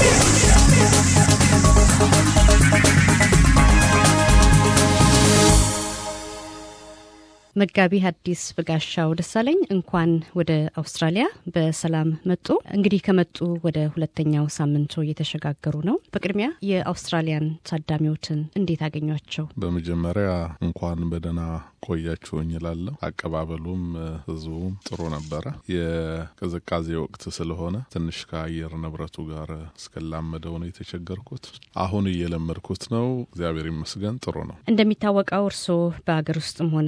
Thank you. መጋቢ ሐዲስ በጋሻው ደሳለኝ እንኳን ወደ አውስትራሊያ በሰላም መጡ። እንግዲህ ከመጡ ወደ ሁለተኛው ሳምንቶ እየተሸጋገሩ ነው። በቅድሚያ የአውስትራሊያን ታዳሚዎችን እንዴት አገኟቸው? በመጀመሪያ እንኳን በደህና ቆያችሁኝ እላለሁ። አቀባበሉም ህዝቡም ጥሩ ነበረ። የቅዝቃዜ ወቅት ስለሆነ ትንሽ ከአየር ንብረቱ ጋር እስከላመደው ነው የተቸገርኩት። አሁን እየለመድኩት ነው። እግዚአብሔር ይመስገን ጥሩ ነው። እንደሚታወቀው እርስዎ በሀገር ውስጥም ሆነ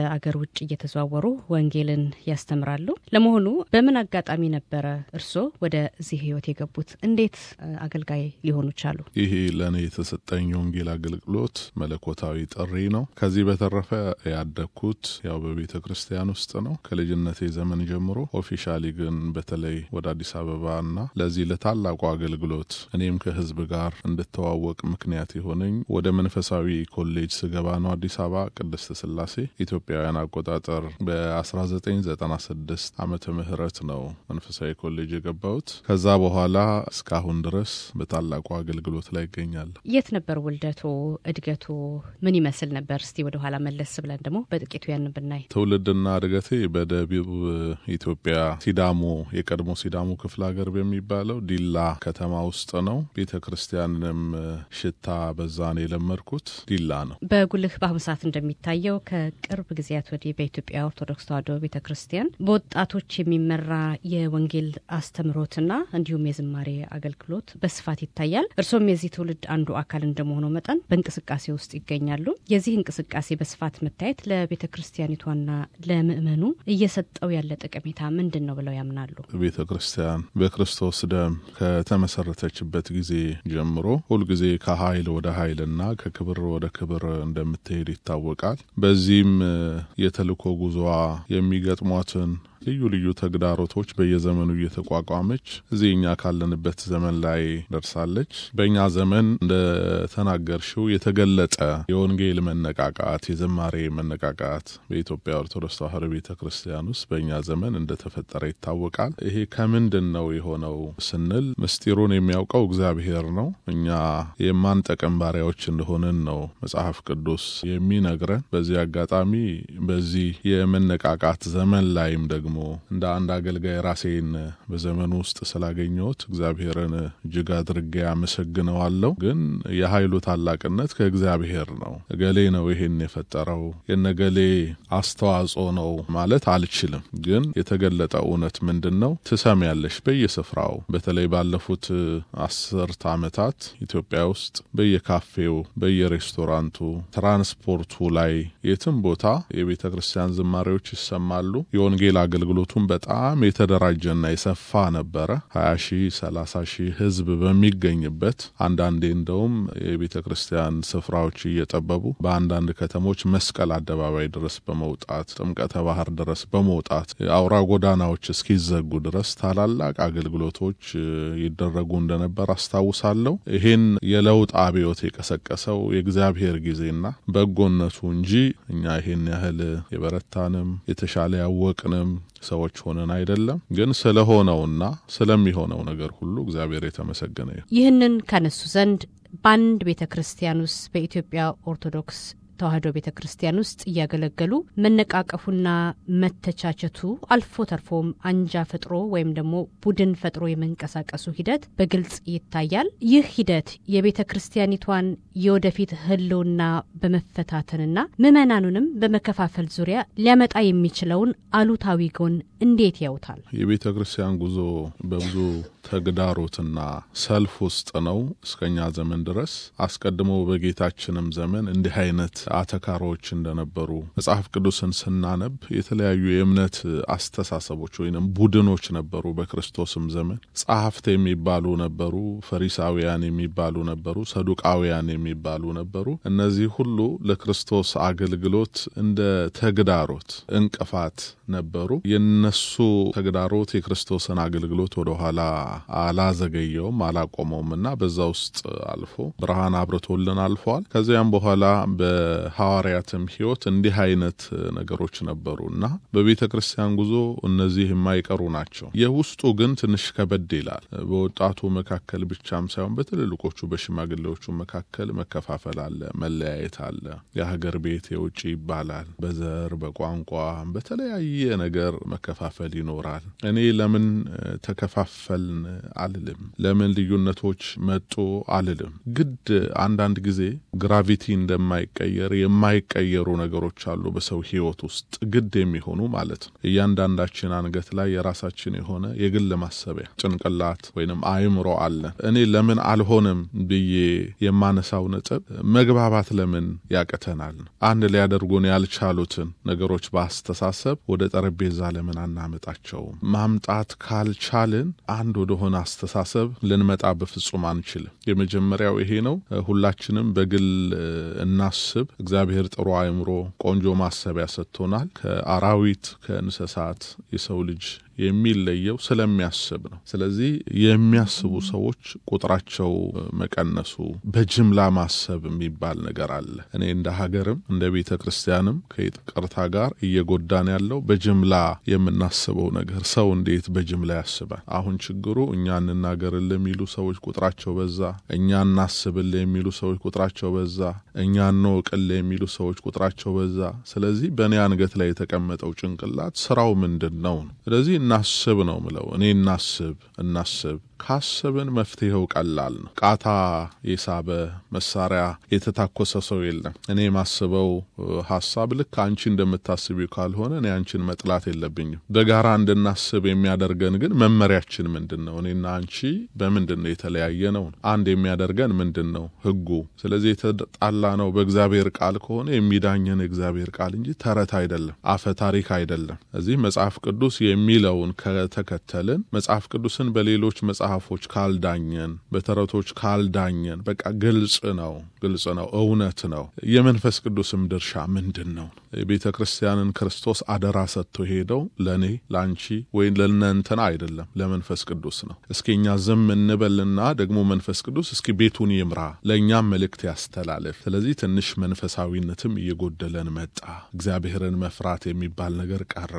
ከአገር ውጭ እየተዘዋወሩ ወንጌልን ያስተምራሉ። ለመሆኑ በምን አጋጣሚ ነበረ እርስዎ ወደዚህ ህይወት የገቡት? እንዴት አገልጋይ ሊሆኑ ቻሉ? ይሄ ለእኔ የተሰጠኝ የወንጌል አገልግሎት መለኮታዊ ጥሪ ነው። ከዚህ በተረፈ ያደግኩት ያው በቤተ ክርስቲያን ውስጥ ነው ከልጅነቴ ዘመን ጀምሮ። ኦፊሻሊ ግን በተለይ ወደ አዲስ አበባ እና ለዚህ ለታላቁ አገልግሎት እኔም ከህዝብ ጋር እንድተዋወቅ ምክንያት የሆነኝ ወደ መንፈሳዊ ኮሌጅ ስገባ ነው። አዲስ አበባ ቅድስት ስላሴ ኢትዮጵያ አውሮፓውያን አቆጣጠር በ1996 ዓመተ ምህረት ነው መንፈሳዊ ኮሌጅ የገባሁት። ከዛ በኋላ እስካሁን ድረስ በታላቁ አገልግሎት ላይ ይገኛል። የት ነበር ውልደቶ? እድገቶ ምን ይመስል ነበር? እስቲ ኋላ መለስ ብለን ደግሞ በጥቂቱ ያን ብናይ። ትውልድና እድገቴ በደቡብ ኢትዮጵያ ሲዳሞ፣ የቀድሞ ሲዳሞ ክፍለ ሀገር በሚባለው ዲላ ከተማ ውስጥ ነው። ቤተ ክርስቲያንንም ሽታ በዛ ነው የለመድኩት ዲላ ነው። በጉልህ በአሁኑ ሰዓት እንደሚታየው ከቅርብ ጊዜያት ወዲህ በኢትዮጵያ ኦርቶዶክስ ተዋሕዶ ቤተ ክርስቲያን በወጣቶች የሚመራ የወንጌል አስተምሮትና እንዲሁም የዝማሬ አገልግሎት በስፋት ይታያል። እርስዎም የዚህ ትውልድ አንዱ አካል እንደመሆኑ መጠን በእንቅስቃሴ ውስጥ ይገኛሉ። የዚህ እንቅስቃሴ በስፋት መታየት ለቤተ ክርስቲያኒቷና ለምእመኑ እየሰጠው ያለ ጠቀሜታ ምንድን ነው ብለው ያምናሉ? ቤተ ክርስቲያን በክርስቶስ ደም ከተመሰረተችበት ጊዜ ጀምሮ ሁልጊዜ ከኃይል ወደ ኃይልና ከክብር ወደ ክብር እንደምትሄድ ይታወቃል። በዚህም የተልእኮ ጉዞዋ የሚገጥሟትን ልዩ ልዩ ተግዳሮቶች በየዘመኑ እየተቋቋመች እዚህ እኛ ካለንበት ዘመን ላይ ደርሳለች። በእኛ ዘመን እንደተናገርሽው የተገለጠ የወንጌል መነቃቃት፣ የዝማሬ መነቃቃት በኢትዮጵያ ኦርቶዶክስ ተዋሕዶ ቤተ ክርስቲያን ውስጥ በእኛ ዘመን እንደተፈጠረ ይታወቃል። ይሄ ከምንድን ነው የሆነው ስንል ምስጢሩን የሚያውቀው እግዚአብሔር ነው። እኛ የማንጠቅም ባሪያዎች እንደሆንን ነው መጽሐፍ ቅዱስ የሚነግረን። በዚህ አጋጣሚ በዚህ የመነቃቃት ዘመን ላይም ደግሞ ደግሞ እንደ አንድ አገልጋይ ራሴን በዘመኑ ውስጥ ስላገኘሁት እግዚአብሔርን እጅግ አድርጌ አመሰግነዋለሁ። ግን የኃይሉ ታላቅነት ከእግዚአብሔር ነው። እገሌ ነው ይሄን የፈጠረው የነገሌ አስተዋጽኦ ነው ማለት አልችልም። ግን የተገለጠ እውነት ምንድን ነው ያለሽ በየስፍራው በተለይ ባለፉት አስርት ዓመታት ኢትዮጵያ ውስጥ በየካፌው፣ በየሬስቶራንቱ፣ ትራንስፖርቱ ላይ የትም ቦታ የቤተ ክርስቲያን ዝማሬዎች ይሰማሉ። የወንጌል አገልግሎቱን በጣም የተደራጀና የሰፋ ነበረ። ሀያ ሺህ ሰላሳ ሺህ ህዝብ በሚገኝበት አንዳንዴ እንደውም የቤተ ክርስቲያን ስፍራዎች እየጠበቡ በአንዳንድ ከተሞች መስቀል አደባባይ ድረስ በመውጣት ጥምቀተ ባህር ድረስ በመውጣት አውራ ጎዳናዎች እስኪዘጉ ድረስ ታላላቅ አገልግሎቶች ይደረጉ እንደነበር አስታውሳለሁ። ይህን የለውጥ አብዮት የቀሰቀሰው የእግዚአብሔር ጊዜና በጎነቱ እንጂ እኛ ይሄን ያህል የበረታንም የተሻለ ያወቅንም ሰዎች ሆነን አይደለም፣ ግን ስለሆነውና ስለሚሆነው ነገር ሁሉ እግዚአብሔር የተመሰገነ ይህንን ከነሱ ዘንድ በአንድ ቤተ ክርስቲያን ውስጥ በኢትዮጵያ ኦርቶዶክስ ተዋህዶ ቤተ ክርስቲያን ውስጥ እያገለገሉ መነቃቀፉና መተቻቸቱ አልፎ ተርፎም አንጃ ፈጥሮ ወይም ደግሞ ቡድን ፈጥሮ የመንቀሳቀሱ ሂደት በግልጽ ይታያል። ይህ ሂደት የቤተ ክርስቲያኒቷን የወደፊት ህልውና በመፈታተንና ምዕመናኑንም በመከፋፈል ዙሪያ ሊያመጣ የሚችለውን አሉታዊ ጎን እንዴት ያውታል? የቤተ ክርስቲያን ጉዞ በብዙ ተግዳሮትና ሰልፍ ውስጥ ነው እስከኛ ዘመን ድረስ። አስቀድሞ በጌታችንም ዘመን እንዲህ አይነት አተካሮዎች እንደነበሩ መጽሐፍ ቅዱስን ስናነብ የተለያዩ የእምነት አስተሳሰቦች ወይም ቡድኖች ነበሩ። በክርስቶስም ዘመን ጸሐፍት የሚባሉ ነበሩ፣ ፈሪሳውያን የሚባሉ ነበሩ፣ ሰዱቃውያን የሚባሉ ነበሩ። እነዚህ ሁሉ ለክርስቶስ አገልግሎት እንደ ተግዳሮት እንቅፋት ነበሩ። የነሱ ተግዳሮት የክርስቶስን አገልግሎት ወደኋላ አላዘገየውም፣ አላቆመውም እና በዛ ውስጥ አልፎ ብርሃን አብርቶልን አልፈዋል። ከዚያም በኋላ በ ሐዋርያትም ህይወት እንዲህ አይነት ነገሮች ነበሩ እና በቤተ ክርስቲያን ጉዞ እነዚህ የማይቀሩ ናቸው። የውስጡ ግን ትንሽ ከበድ ይላል። በወጣቱ መካከል ብቻም ሳይሆን በትልልቆቹ በሽማግሌዎቹ መካከል መከፋፈል አለ፣ መለያየት አለ። የሀገር ቤት የውጭ ይባላል። በዘር በቋንቋ በተለያየ ነገር መከፋፈል ይኖራል። እኔ ለምን ተከፋፈልን አልልም፣ ለምን ልዩነቶች መጡ አልልም። ግድ አንዳንድ ጊዜ ግራቪቲ እንደማይቀየር ነገር የማይቀየሩ ነገሮች አሉ በሰው ህይወት ውስጥ ግድ የሚሆኑ ማለት ነው። እያንዳንዳችን አንገት ላይ የራሳችን የሆነ የግል ማሰቢያ ጭንቅላት ወይንም አይምሮ አለን። እኔ ለምን አልሆንም ብዬ የማነሳው ነጥብ መግባባት ለምን ያቅተናል ነው። አንድ ሊያደርጉን ያልቻሉትን ነገሮች በአስተሳሰብ ወደ ጠረጴዛ ለምን አናመጣቸውም? ማምጣት ካልቻልን አንድ ወደሆነ አስተሳሰብ ልንመጣ በፍጹም አንችልም። የመጀመሪያው ይሄ ነው። ሁላችንም በግል እናስብ፣ እግዚአብሔር ጥሩ አይምሮ፣ ቆንጆ ማሰቢያ ሰጥቶናል። ከአራዊት ከእንስሳት የሰው ልጅ የሚለየው ስለሚያስብ ነው። ስለዚህ የሚያስቡ ሰዎች ቁጥራቸው መቀነሱ፣ በጅምላ ማሰብ የሚባል ነገር አለ። እኔ እንደ ሀገርም እንደ ቤተ ክርስቲያንም ከይቅርታ ጋር እየጎዳን ያለው በጅምላ የምናስበው ነገር ሰው እንዴት በጅምላ ያስባል? አሁን ችግሩ እኛ እንናገርል የሚሉ ሰዎች ቁጥራቸው በዛ፣ እኛ እናስብል የሚሉ ሰዎች ቁጥራቸው በዛ፣ እኛ እንወቅል የሚሉ ሰዎች ቁጥራቸው በዛ። ስለዚህ በእኔ አንገት ላይ የተቀመጠው ጭንቅላት ስራው ምንድን ነው ነው? ስለዚህ እናስብ ነው ምለው። እኔ እናስብ እናስብ ካሰብን መፍትሄው ቀላል ነው። ቃታ የሳበ መሳሪያ የተታኮሰ ሰው የለም። እኔ የማስበው ሀሳብ ልክ አንቺ እንደምታስቢው ካልሆነ እኔ አንቺን መጥላት የለብኝም። በጋራ እንድናስብ የሚያደርገን ግን መመሪያችን ምንድን ነው? እኔና አንቺ በምንድን ነው የተለያየ ነው? አንድ የሚያደርገን ምንድን ነው? ህጉ። ስለዚህ የተጣላ ነው በእግዚአብሔር ቃል ከሆነ የሚዳኝን እግዚአብሔር ቃል እንጂ ተረት አይደለም፣ አፈ ታሪክ አይደለም። እዚህ መጽሐፍ ቅዱስ የሚለውን ከተከተልን መጽሐፍ ቅዱስን በሌሎች መጽሐፍ መጽሐፎች ካልዳኘን፣ በተረቶች ካልዳኘን፣ በቃ ግልጽ ነው፣ ግልጽ ነው፣ እውነት ነው። የመንፈስ ቅዱስም ድርሻ ምንድን ነው? የቤተ ክርስቲያንን ክርስቶስ አደራ ሰጥቶ ሄደው ለእኔ ለአንቺ ወይም ለእናንተና አይደለም ለመንፈስ ቅዱስ ነው። እስኪ እኛ ዝም እንበልና ደግሞ መንፈስ ቅዱስ እስኪ ቤቱን ይምራ፣ ለእኛም መልእክት ያስተላልፍ። ስለዚህ ትንሽ መንፈሳዊነትም እየጎደለን መጣ። እግዚአብሔርን መፍራት የሚባል ነገር ቀረ።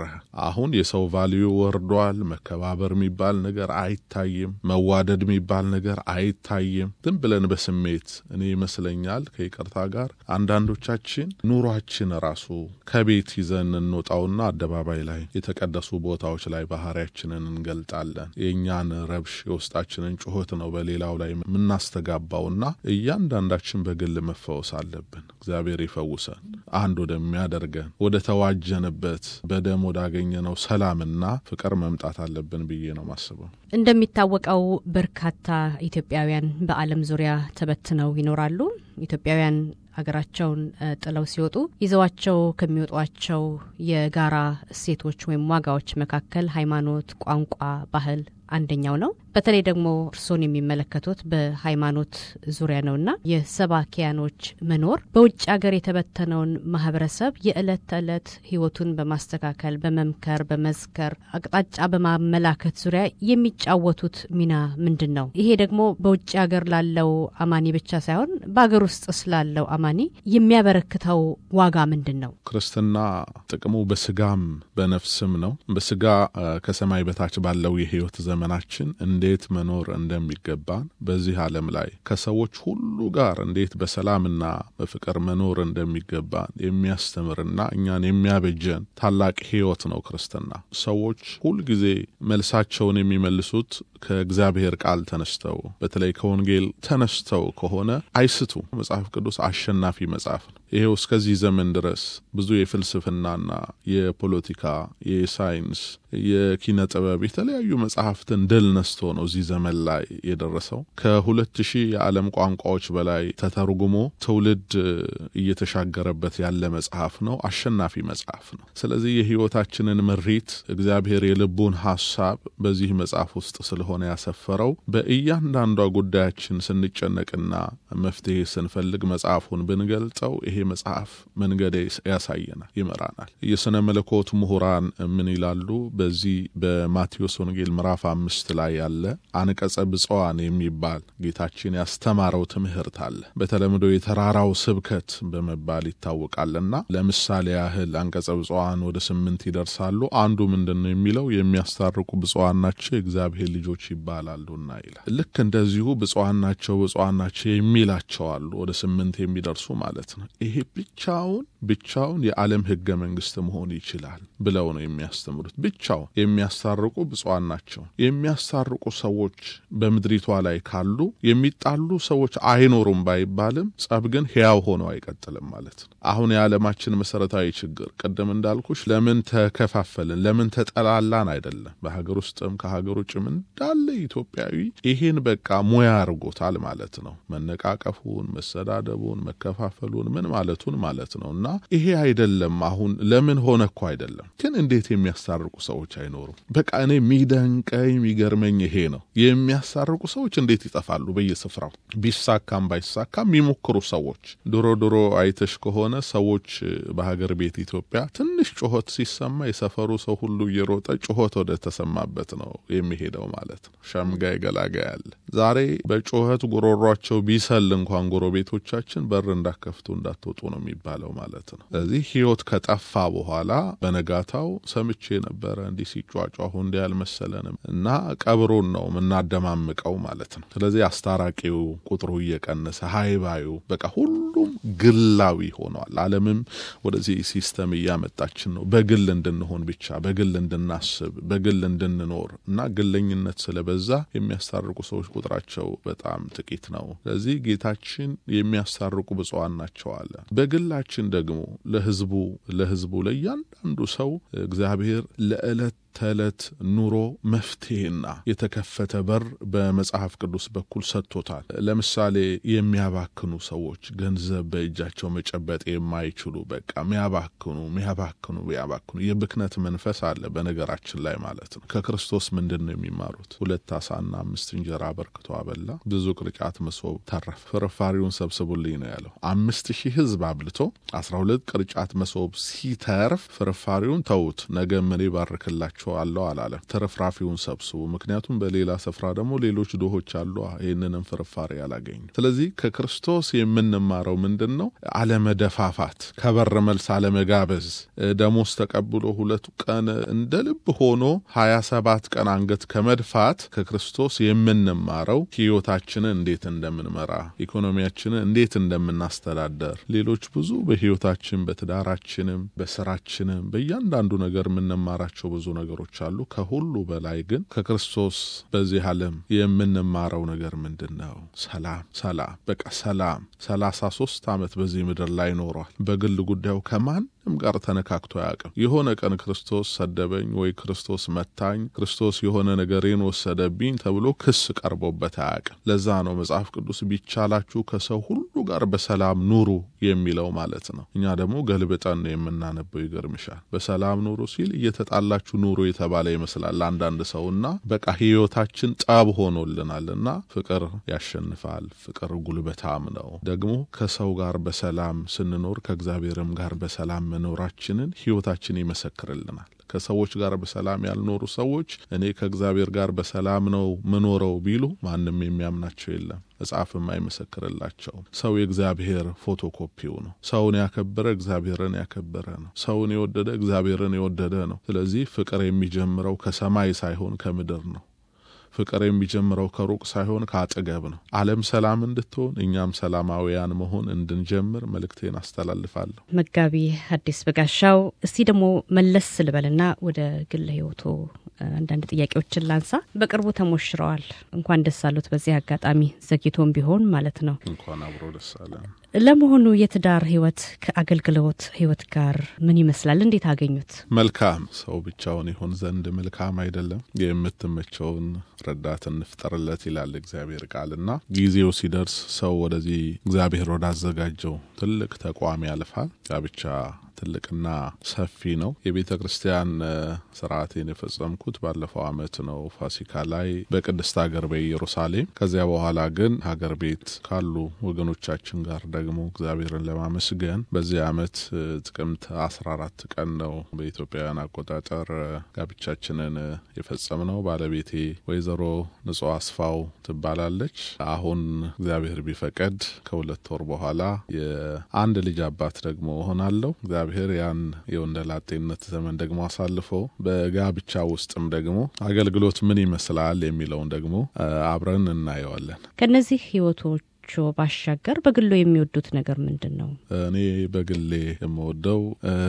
አሁን የሰው ቫልዩ ወርዷል። መከባበር የሚባል ነገር አይታይም። መዋደድ የሚባል ነገር አይታይም። ዝም ብለን በስሜት እኔ ይመስለኛል ከይቅርታ ጋር አንዳንዶቻችን ኑሯችን ራሱ ከቤት ይዘን እንውጣውና አደባባይ ላይ የተቀደሱ ቦታዎች ላይ ባህሪያችንን እንገልጣለን። የእኛን ረብሽ የውስጣችንን ጩኸት ነው በሌላው ላይ የምናስተጋባውና እያንዳንዳችን በግል መፈወስ አለብን። እግዚአብሔር ይፈውሰን። አንድ ወደሚያደርገን ወደ ተዋጀንበት በደም ወዳገኘነው ሰላምና ፍቅር መምጣት አለብን ብዬ ነው ማስበው። እንደሚታወቀው በርካታ ኢትዮጵያውያን በዓለም ዙሪያ ተበትነው ይኖራሉ። ኢትዮጵያውያን ሀገራቸውን ጥለው ሲወጡ ይዘዋቸው ከሚወጧቸው የጋራ እሴቶች ወይም ዋጋዎች መካከል ሃይማኖት፣ ቋንቋ፣ ባህል አንደኛው ነው። በተለይ ደግሞ እርስዎን የሚመለከቱት በሃይማኖት ዙሪያ ነውና የሰባኪያኖች መኖር በውጭ ሀገር የተበተነውን ማህበረሰብ የዕለት ተዕለት ህይወቱን በማስተካከል በመምከር፣ በመዝከር፣ አቅጣጫ በማመላከት ዙሪያ የሚጫወቱት ሚና ምንድን ነው? ይሄ ደግሞ በውጭ ሀገር ላለው አማኒ ብቻ ሳይሆን በሀገር ውስጥ ስላለው አማኒ የሚያበረክተው ዋጋ ምንድን ነው? ክርስትና ጥቅሙ በስጋም በነፍስም ነው። በስጋ ከሰማይ በታች ባለው የህይወት ዘመናችን እንዴት መኖር እንደሚገባን በዚህ ዓለም ላይ ከሰዎች ሁሉ ጋር እንዴት በሰላምና በፍቅር መኖር እንደሚገባን የሚያስተምርና እኛን የሚያበጀን ታላቅ ሕይወት ነው ክርስትና። ሰዎች ሁልጊዜ መልሳቸውን የሚመልሱት ከእግዚአብሔር ቃል ተነስተው በተለይ ከወንጌል ተነስተው ከሆነ አይስቱ። መጽሐፍ ቅዱስ አሸናፊ መጽሐፍ ነው። ይሄው እስከዚህ ዘመን ድረስ ብዙ የፍልስፍናና የፖለቲካ የሳይንስ የኪነ ጥበብ የተለያዩ መጽሐፍትን ድል ነስቶ ነው እዚህ ዘመን ላይ የደረሰው። ከሁለት ሺህ የዓለም ቋንቋዎች በላይ ተተርጉሞ ትውልድ እየተሻገረበት ያለ መጽሐፍ ነው። አሸናፊ መጽሐፍ ነው። ስለዚህ የህይወታችንን ምሪት እግዚአብሔር የልቡን ሀሳብ በዚህ መጽሐፍ ውስጥ ስለሆነ ያሰፈረው በእያንዳንዷ ጉዳያችን ስንጨነቅና መፍትሄ ስንፈልግ መጽሐፉን ብንገልጠው ይሄ መጽሐፍ መንገዴ ያሳየናል፣ ይመራናል። የሥነ መለኮት ምሁራን ምን ይላሉ? በዚህ በማቴዎስ ወንጌል ምዕራፍ አምስት ላይ ያለ አንቀጸ ብፅዋን የሚባል ጌታችን ያስተማረው ትምህርት አለ። በተለምዶ የተራራው ስብከት በመባል ይታወቃልና ለምሳሌ ያህል አንቀጸ ብፅዋን ወደ ስምንት ይደርሳሉ። አንዱ ምንድን ነው የሚለው የሚያስታርቁ ብፅዋን ናቸው የእግዚአብሔር ልጆች ይባላሉና ይላል። ልክ እንደዚሁ ብፅዋን ናቸው ብፅዋን ናቸው የሚላቸው አሉ። ወደ ስምንት የሚደርሱ ማለት ነው። ይሄ ብቻውን ብቻውን የዓለም ህገ መንግስት መሆን ይችላል ብለው ነው የሚያስተምሩት። ብቻው የሚያስታርቁ ብፁዓን ናቸው። የሚያስታርቁ ሰዎች በምድሪቷ ላይ ካሉ የሚጣሉ ሰዎች አይኖሩም ባይባልም ጸብ ግን ሕያው ሆነው አይቀጥልም ማለት ነው። አሁን የዓለማችን መሰረታዊ ችግር ቅድም እንዳልኩሽ ለምን ተከፋፈልን ለምን ተጠላላን አይደለም። በሀገር ውስጥም ከሀገር ውጭም እንዳለ ኢትዮጵያዊ ይሄን በቃ ሙያ አድርጎታል ማለት ነው። መነቃቀፉን፣ መሰዳደቡን፣ መከፋፈሉን ምን ማለቱን ማለት ነው። እና ይሄ አይደለም አሁን ለምን ሆነ እኮ አይደለም። ግን እንዴት የሚያስታርቁ ሰዎች አይኖሩም? በቃ እኔ የሚደንቀኝ የሚገርመኝ ይሄ ነው። የሚያስታርቁ ሰዎች እንዴት ይጠፋሉ በየስፍራው? ቢሳካም ባይሳካም የሚሞክሩ ሰዎች ድሮ ድሮ አይተሽ ከሆነ ስለሆነ ሰዎች በሀገር ቤት ኢትዮጵያ ትንሽ ጩኸት ሲሰማ የሰፈሩ ሰው ሁሉ እየሮጠ ጩኸት ወደ ተሰማበት ነው የሚሄደው ማለት ነው። ሸምጋይ ገላጋ ያለ ዛሬ በጩኸት ጉሮሯቸው ቢሰል እንኳን ጎረቤቶቻችን በር እንዳከፍቱ እንዳትወጡ ነው የሚባለው ማለት ነው። ስለዚህ ህይወት ከጠፋ በኋላ በነጋታው ሰምቼ ነበረ እንዲህ ሲጯጯሁ እንዲህ አልመሰለንም እና ቀብሩን ነው የምናደማምቀው ማለት ነው። ስለዚህ አስታራቂው ቁጥሩ እየቀነሰ ሀይባዩ በቃ ሁሉም ግላዊ ሆኗል። ሆነዋል። ዓለምም ወደዚህ ሲስተም እያመጣችን ነው። በግል እንድንሆን ብቻ፣ በግል እንድናስብ፣ በግል እንድንኖር እና ግለኝነት ስለበዛ የሚያስታርቁ ሰዎች ቁጥራቸው በጣም ጥቂት ነው። ስለዚህ ጌታችን የሚያስታርቁ ብፁዓን ናቸው አለ። በግላችን ደግሞ ለህዝቡ ለህዝቡ ለእያንዳንዱ ሰው እግዚአብሔር ለዕለት ተዕለት ኑሮ መፍትሄና የተከፈተ በር በመጽሐፍ ቅዱስ በኩል ሰጥቶታል። ለምሳሌ የሚያባክኑ ሰዎች ገንዘብ በእጃቸው መጨበጥ የማይችሉ በቃ ሚያባክኑ ሚያባክኑ ሚያባክኑ የብክነት መንፈስ አለ በነገራችን ላይ ማለት ነው። ከክርስቶስ ምንድን ነው የሚማሩት? ሁለት አሳና አምስት እንጀራ አበርክቶ አበላ፣ ብዙ ቅርጫት መሶብ ተረፈ፣ ፍርፋሪውን ሰብስቡልኝ ነው ያለው። አምስት ሺህ ህዝብ አብልቶ አስራ ሁለት ቅርጫት መሶብ ሲተርፍ ፍርፋሪውን ተዉት፣ ነገ ምን ይባርክላቸው እፈርፍራቸዋለሁ አላለ። ተረፍራፊውን ሰብስቡ፣ ምክንያቱም በሌላ ስፍራ ደግሞ ሌሎች ድሆች አሉ ይህንንም ፍርፋሪ ያላገኙ። ስለዚህ ከክርስቶስ የምንማረው ምንድን ነው? አለመደፋፋት፣ ከበር መልስ አለመጋበዝ፣ ደሞዝ ተቀብሎ ሁለቱ ቀን እንደ ልብ ሆኖ ሀያ ሰባት ቀን አንገት ከመድፋት ከክርስቶስ የምንማረው ህይወታችንን እንዴት እንደምንመራ ኢኮኖሚያችንን እንዴት እንደምናስተዳደር ሌሎች ብዙ በህይወታችን በትዳራችንም በስራችንም በእያንዳንዱ ነገር የምንማራቸው ብዙ ነገር ነገሮች አሉ። ከሁሉ በላይ ግን ከክርስቶስ በዚህ ዓለም የምንማረው ነገር ምንድን ነው? ሰላም፣ ሰላም፣ በቃ ሰላም። ሰላሳ ሶስት ዓመት በዚህ ምድር ላይ ኖሯል። በግል ጉዳዩ ከማን ከማንም ጋር ተነካክቶ አያውቅም። የሆነ ቀን ክርስቶስ ሰደበኝ ወይ ክርስቶስ መታኝ፣ ክርስቶስ የሆነ ነገሬን ወሰደብኝ ተብሎ ክስ ቀርቦበት አያውቅም። ለዛ ነው መጽሐፍ ቅዱስ ቢቻላችሁ ከሰው ሁሉ ጋር በሰላም ኑሩ የሚለው ማለት ነው። እኛ ደግሞ ገልብጠን ነው የምናነበው። ይገርምሻል። በሰላም ኑሩ ሲል እየተጣላችሁ ኑሩ የተባለ ይመስላል አንዳንድ ሰውና በቃ ህይወታችን ጠብ ሆኖልናል። እና ፍቅር ያሸንፋል። ፍቅር ጉልበታም ነው። ደግሞ ከሰው ጋር በሰላም ስንኖር ከእግዚአብሔርም ጋር በሰላም መኖራችንን ህይወታችን ይመሰክርልናል። ከሰዎች ጋር በሰላም ያልኖሩ ሰዎች እኔ ከእግዚአብሔር ጋር በሰላም ነው ምኖረው ቢሉ ማንም የሚያምናቸው የለም። መጽሐፍም አይመሰክርላቸውም። ሰው የእግዚአብሔር ፎቶኮፒው ነው። ሰውን ያከበረ እግዚአብሔርን ያከበረ ነው። ሰውን የወደደ እግዚአብሔርን የወደደ ነው። ስለዚህ ፍቅር የሚጀምረው ከሰማይ ሳይሆን ከምድር ነው። ፍቅር የሚጀምረው ከሩቅ ሳይሆን ከአጠገብ ነው። ዓለም ሰላም እንድትሆን እኛም ሰላማዊያን መሆን እንድንጀምር መልእክቴን አስተላልፋለሁ። መጋቢ ሐዲስ በጋሻው፣ እስቲ ደግሞ መለስ ስልበልና ወደ ግል ህይወቱ አንዳንድ ጥያቄዎችን ላንሳ። በቅርቡ ተሞሽረዋል። እንኳን ደስ አሉት። በዚህ አጋጣሚ ዘግይቶም ቢሆን ማለት ነው። እንኳን አብሮ ደስ ለመሆኑ የትዳር ህይወት ከአገልግሎት ህይወት ጋር ምን ይመስላል? እንዴት አገኙት? መልካም ሰው ብቻውን ይሆን ዘንድ መልካም አይደለም። የምትመቸውን ረዳት እንፍጠርለት ይላል እግዚአብሔር ቃል እና ጊዜው ሲደርስ ሰው ወደዚህ እግዚአብሔር ወዳዘጋጀው ትልቅ ተቋም ያልፋል። ጋብቻ ትልቅና ሰፊ ነው። የቤተ ክርስቲያን ስርዓቴን የፈጸምኩት ባለፈው አመት ነው ፋሲካ ላይ በቅድስት ሀገር በኢየሩሳሌም። ከዚያ በኋላ ግን ሀገር ቤት ካሉ ወገኖቻችን ጋር ደግሞ እግዚአብሔርን ለማመስገን በዚህ አመት ጥቅምት 14 ቀን ነው በኢትዮጵያውያን አቆጣጠር ጋብቻችንን የፈጸም ነው። ባለቤቴ ወይዘሮ ንጹህ አስፋው ትባላለች። አሁን እግዚአብሔር ቢፈቀድ ከሁለት ወር በኋላ የአንድ ልጅ አባት ደግሞ እሆናለሁ። እግዚአብሔር ያን የወንደላጤነት ዘመን ደግሞ አሳልፎ በጋብቻ ውስጥም ደግሞ አገልግሎት ምን ይመስላል የሚለውን ደግሞ አብረን እናየዋለን። ከነዚህ ህይወቶች ከመውደዳቸው ባሻገር በግሎ የሚወዱት ነገር ምንድን ነው? እኔ በግሌ የምወደው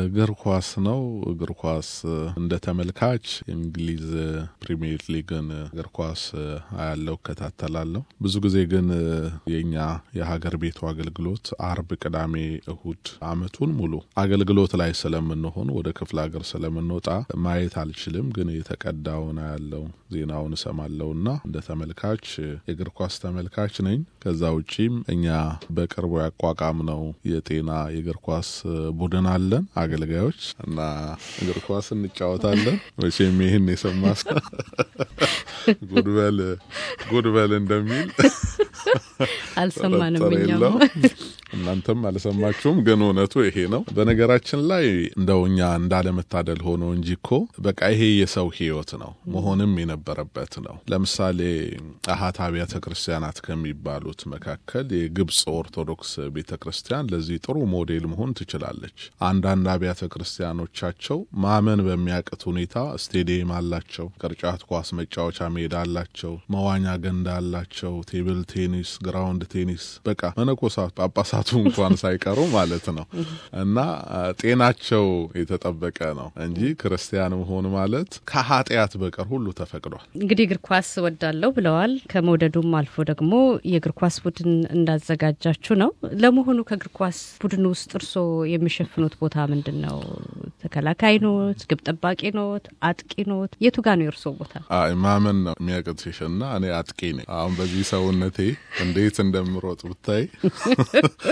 እግር ኳስ ነው። እግር ኳስ እንደ ተመልካች የእንግሊዝ ፕሪሚየር ሊግን እግር ኳስ አያለው፣ እከታተላለሁ። ብዙ ጊዜ ግን የኛ የሀገር ቤቱ አገልግሎት አርብ፣ ቅዳሜ፣ እሁድ አመቱን ሙሉ አገልግሎት ላይ ስለምንሆን ወደ ክፍለ ሀገር ስለምንወጣ ማየት አልችልም። ግን የተቀዳውን አያለው፣ ዜናውን እሰማለሁና እንደ ተመልካች የእግር ኳስ ተመልካች ነኝ። ከዛ ውጪም እኛ በቅርቡ ያቋቋም ነው የጤና የእግር ኳስ ቡድን አለን አገልጋዮች እና እግር ኳስ እንጫወታለን። መቼም ይህን የሰማ ጉድበል ጉድበል እንደሚል አልሰማንም። እናንተም አልሰማችሁም፣ ግን እውነቱ ይሄ ነው። በነገራችን ላይ እንደው እኛ እንዳለመታደል ሆኖ እንጂ እኮ በቃ ይሄ የሰው ህይወት ነው መሆንም የነበረበት ነው። ለምሳሌ አሃት አብያተ ክርስቲያናት ከሚባሉት መካከል የግብፅ ኦርቶዶክስ ቤተ ክርስቲያን ለዚህ ጥሩ ሞዴል መሆን ትችላለች። አንዳንድ አብያተ ክርስቲያኖቻቸው ማመን በሚያቅት ሁኔታ ስቴዲየም አላቸው፣ ቅርጫት ኳስ መጫወቻ ሜዳ አላቸው፣ መዋኛ ገንዳ አላቸው፣ ቴብል ቴኒስ፣ ግራውንድ ቴኒስ በቃ መነኮሳት ጳጳሳት መምጣቱ እንኳን ሳይቀሩ ማለት ነው። እና ጤናቸው የተጠበቀ ነው እንጂ ክርስቲያን መሆን ማለት ከኃጢአት በቀር ሁሉ ተፈቅዷል። እንግዲህ እግር ኳስ ወዳለው ብለዋል። ከመውደዱም አልፎ ደግሞ የእግር ኳስ ቡድን እንዳዘጋጃችሁ ነው። ለመሆኑ ከእግር ኳስ ቡድን ውስጥ እርሶ የሚሸፍኑት ቦታ ምንድን ነው? ተከላካይ ኖት? ግብ ጠባቂ ኖት? አጥቂ ኖት? የቱ ጋ ነው የእርሶ ቦታ? ማመን ነው የሚያቅትሽ። እና እኔ አጥቂ ነኝ። አሁን በዚህ ሰውነቴ እንዴት እንደምሮጥ ብታይ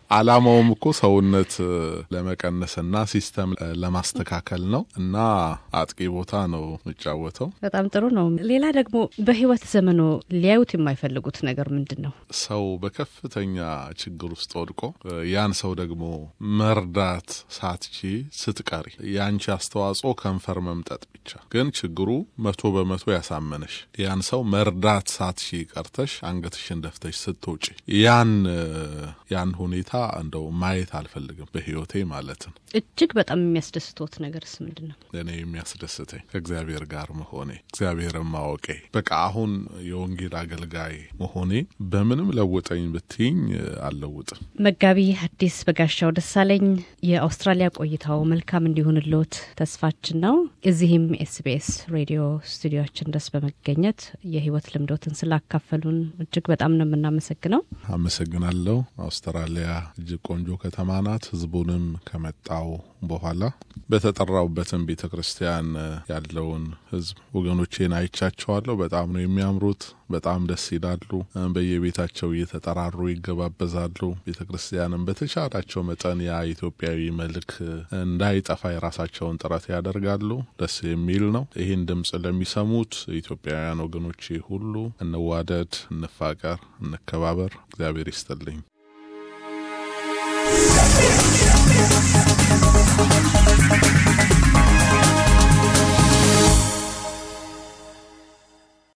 አላማውም እኮ ሰውነት ለመቀነስና ሲስተም ለማስተካከል ነው እና አጥቂ ቦታ ነው የሚጫወተው። በጣም ጥሩ ነው። ሌላ ደግሞ በህይወት ዘመኖ ሊያዩት የማይፈልጉት ነገር ምንድን ነው? ሰው በከፍተኛ ችግር ውስጥ ወድቆ ያን ሰው ደግሞ መርዳት ሳትቺ ስትቀሪ የአንቺ አስተዋጽኦ ከንፈር መምጠጥ ብቻ፣ ግን ችግሩ መቶ በመቶ ያሳመነሽ ያን ሰው መርዳት ሳትሺ ቀርተሽ አንገትሽን ደፍተሽ ስትውጪ ያን ያን ሁኔታ እንደው ማየት አልፈልግም በህይወቴ ነው። እጅግ በጣም የሚያስደስቶት ነገርስ ምንድን ነው? እኔ የሚያስደስተኝ ከእግዚአብሔር ጋር መሆኔ፣ እግዚአብሔርን ማወቄ። በቃ አሁን የወንጌል አገልጋይ መሆኔ በምንም ለውጠኝ ብትኝ አልለውጥም። መጋቢ ሐዲስ በጋሻው ደሳለኝ የአውስትራሊያ ቆይታው መልካም እንዲሆንልዎት ተስፋችን ነው። እዚህም ኤስቢኤስ ሬዲዮ ስቱዲዮችን ደስ በመገኘት የህይወት ልምዶትን ስላካፈሉን እጅግ በጣም ነው የምናመሰግነው። አመሰግናለሁ። አውስትራሊያ እጅግ ቆንጆ ከተማ ናት። ህዝቡንም ከመጣው በኋላ በተጠራውበትም ቤተ ክርስቲያን ያለውን ህዝብ ወገኖቼን አይቻቸዋለሁ። በጣም ነው የሚያምሩት። በጣም ደስ ይላሉ። በየቤታቸው እየተጠራሩ ይገባበዛሉ። ቤተ ክርስቲያንም በተቻላቸው መጠን ያ ኢትዮጵያዊ መልክ እንዳይጠፋ የራሳቸውን ጥረት ያደርጋሉ። ደስ የሚል ነው። ይህን ድምፅ ለሚሰሙት ኢትዮጵያውያን ወገኖቼ ሁሉ እንዋደድ፣ እንፋቀር፣ እንከባበር። እግዚአብሔር ይስጥልኝ። Thank you.